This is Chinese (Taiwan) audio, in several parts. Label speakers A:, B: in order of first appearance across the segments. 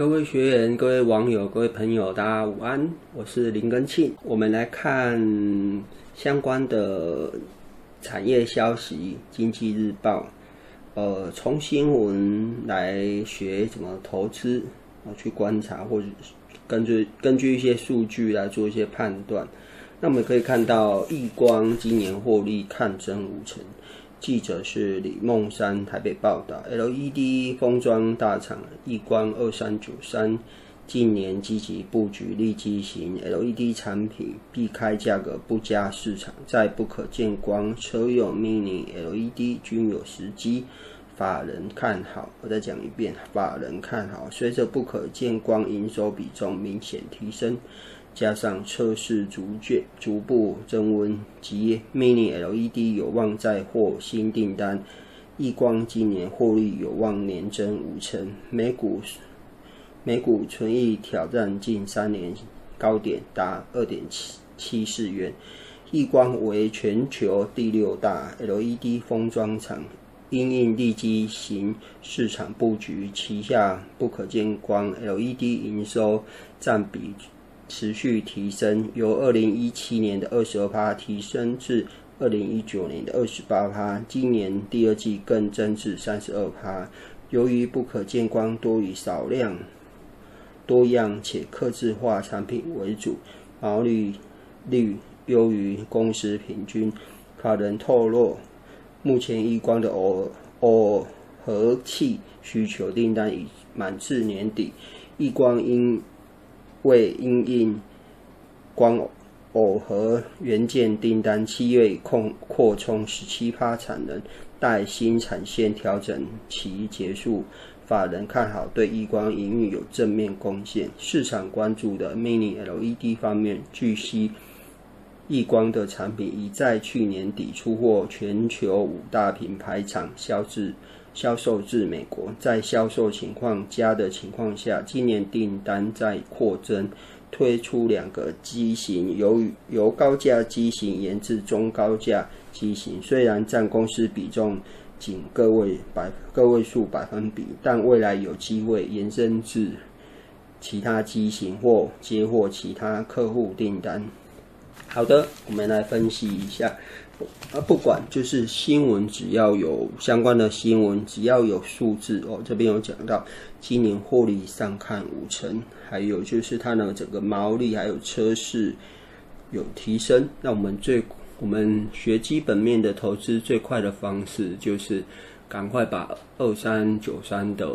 A: 各位學員、各位網友、各位朋友，大家午安！我是林根慶，我們來看相關的產業消息，《經濟日報》。呃，從新聞來學怎麼投資，去觀察或者根據根據一些數據來做一些判斷。那我們可以看到，億光今年獲利看增五成。記者是李夢山，台北報道。LED 封裝大廠億光二三九三近年積極布局利基型 LED 產品，避開價格不佳市場，在不可見光車用 mini LED 均有時機。法人看好，我再講一遍，法人看好。隨着不可見光營收比重明顯提升。加上測試逐捲逐步增溫及 Mini LED 有望再獲新訂單，易光今年獲利有望年增五成，每股每股存益挑戰近三年高點，達二點七七四元。易光為全球第六大 LED 封裝廠，因應利基型市場布局，旗下不可見光 LED 營收佔比，持續提升，由二零一七年的二十二趴，提升至二零一九年的二十八趴，今年第二季更增至三十二趴。由於不可見光多以少量、多樣且客製化產品為主，毛利率優於公司平均。法人透露，目前億光的耦合器需求訂單已滿至年底，億光因為因應光耦合元件訂單，七月擴擴充十七趴產能，待新產線調整期結束，法人看好對易光營運有正面貢獻。市場關注的 Mini LED 方面，據悉。易光的產品已在去年底出貨全球五大品牌廠，銷至銷售至美國。在銷售情況佳的情況下，今年訂單在擴增，推出兩個機型，由由高價機型延至中高價機型。雖然佔公司比重僅個位百個位數百分比，但未來有機會延伸至其他機型或接獲其他客戶訂單。好的，我們來分析一下。不啊，不管就是新聞，只要有相關的新聞，只要有數字哦。這邊有講到今年獲利上看五成，還有就是它呢整個毛利還有車市有提升。那我們最我們學基本面的投資最快的方式，就是趕快把二三九三的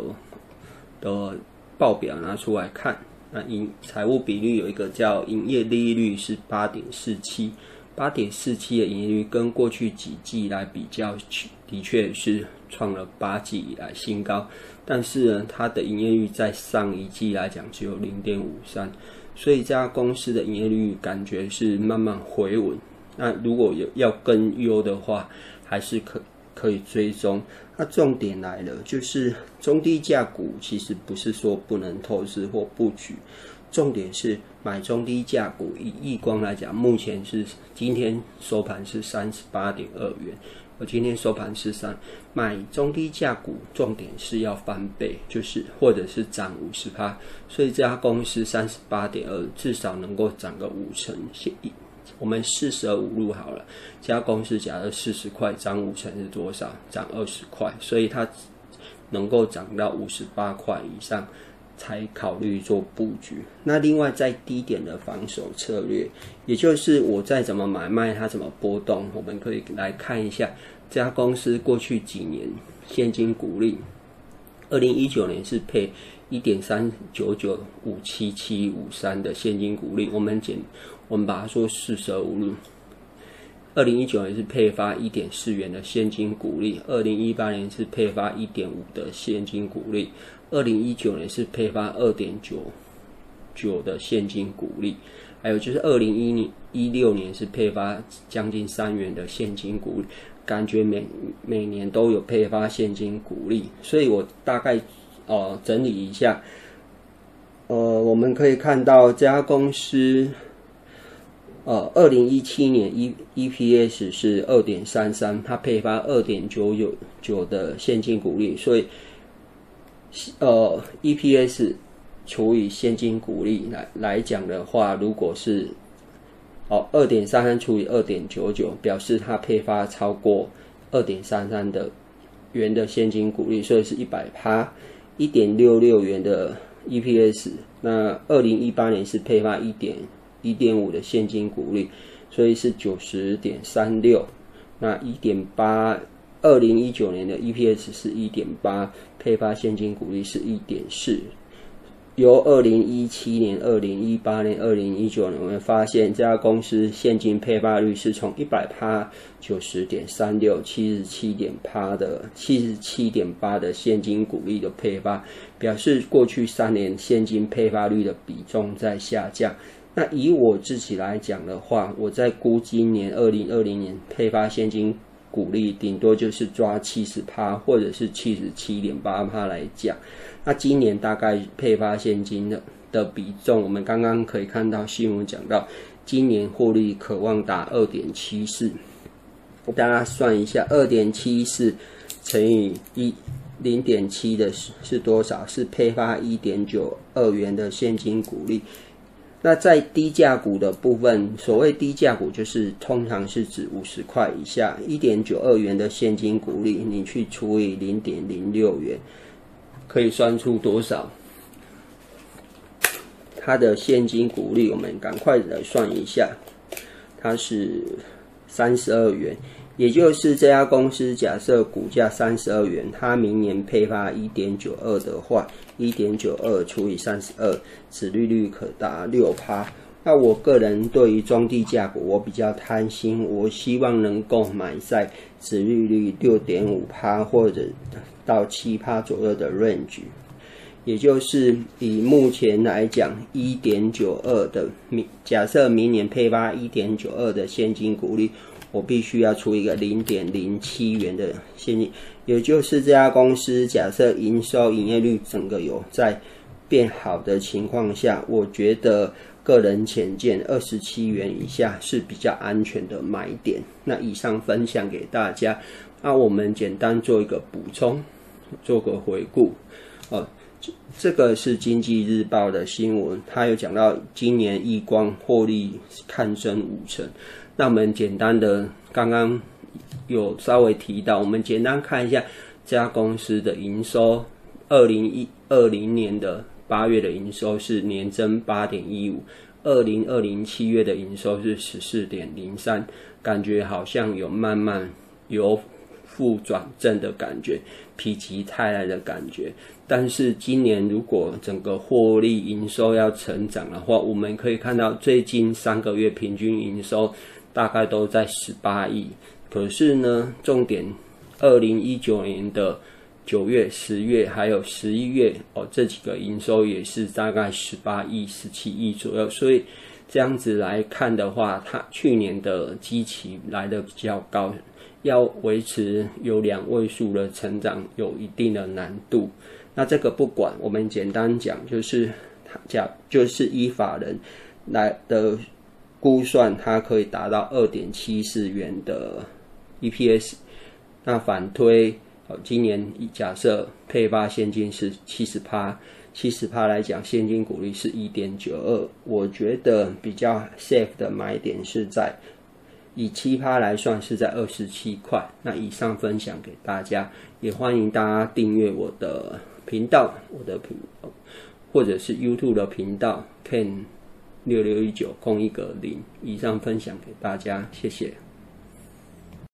A: 的報表拿出來看。那營財務比率有一個叫營業利益率，是八點四七，八點四七的營業率跟過去幾季來比較，的確是創了八季以來新高。但是呢，它的營業率在上一季來講只有零點五三，所以這家公司的營業率感覺是慢慢回穩。那如果有要更優的話，還是可。可以追蹤，那、啊、重點來了，就是中低價股其實不是說不能投資或布局，重點是買中低價股。以億光來講，目前是今天收盤是三十八點二元，我今天收盤是三。買中低價股重點是要翻倍，就是或者是漲五十趴。所以這家公司三十八點二至少能夠漲個五成我們四舍五入好了，這家公司假設四十塊漲五成是多少？漲二十塊，所以它能夠漲到五十八塊以上才考慮做布局。那另外在低點的防守策略，也就是我再怎麼買賣它怎麼波動，我們可以來看一下這家公司過去幾年現金股利，二零一九年是配。一點三九九五七七五三的現金股利，我們簡我們把它說四捨五入。二零一九年是配發一點四元的現金股利，二零一八年是配發一點五的現金股利，二零一九年是配發二點九九的現金股利，還有就是二零一一六年是配發將近三元的現金股利，感覺每每年都有配發現金股利，所以我大概。哦，整理一下。呃，我們可以看到這家公司，呃，二零一七年 E EPS 是二點三三，它配發二點九九九的現金股利，所以，呃，EPS 除以現金股利來來講的話，如果是，哦，二點三三除以二點九九，表示它配發超過二點三三的元的現金股利，所以是一百趴。一點六六元的 EPS，那二零一八年是配發一點一點五的現金股利，所以是九十點三六。那一點八，二零一九年的 EPS 是一點八，配發現金股利是一點四。由二零一七年、二零一八年、二零一九年，我們發現這家公司現金配發率是從一百趴、九十點三六、七十七點趴的七十七點八的現金股利的配發，表示過去三年現金配發率的比重在下降。那以我自己來講的話，我在估今年二零二零年配發現金。股利頂多就是抓七十趴，或者是七十七點八趴來講。那今年大概配發現金的的比重，我們剛剛可以看到新聞講到，今年獲利可望達二點七四。大家算一下，二點七四乘以一零點七的是是多少？是配發一點九二元的現金股利。那在低價股的部分，所謂低價股就是通常是指五十塊以下，一點九二元的現金股利，你去除以零點零六元，可以算出多少？它的現金股利，我們趕快來算一下，它是三十二元。也就是這家公司假設股價三十二元，它明年配發一點九二的話，一點九二除以三十二，殖利率可達六趴。那我個人對於中低價格我比較貪心，我希望能夠買在殖利率六點五趴或者到七趴左右的 range。也就是以目前來講，一點九二的假設明年配發一點九二的現金股利。我必須要出一個零點零七元的現金，也就是這家公司假設營收營業率整個有在變好的情況下，我覺得個人淺見，二十七元以下是比較安全的買點。那以上分享給大家，那我們簡單做一個補充，做個回顧。哦、呃，這這個是經濟日報的新聞，它有講到今年億光獲利是看升五成。那我們簡單的剛剛有稍微提到，我們簡單看一下這家公司的營收，二零一二零年的八月的營收是年增八點一五，二零二零七月的營收是十四點零三，感覺好像有慢慢由負轉正的感覺，否極泰來的感覺。但是今年如果整個獲利營收要成長的話，我們可以看到最近三個月平均營收。大概都在十八億，可是呢，重點，二零一九年的九月、十月還有十一月哦，這幾個營收也是大概十八億、十七億左右。所以這樣子來看的話，它去年的基期來得比較高，要維持有兩位數的成長有一定的難度。那這個不管，我們簡單講，就是它講就是依法人來的。估算它可以達到二點七四元的 EPS，那反推，好，今年以假設配發現金是七十趴，七十趴來講，現金股利是一點九二，我覺得比較 safe 的買點是在以七趴來算，是在二十七塊。那以上分享給大家，也歡迎大家訂閱我的頻道，我的頻道或者是 YouTube 的頻道 n 六六一九空一個零，以上分享給大家，謝謝。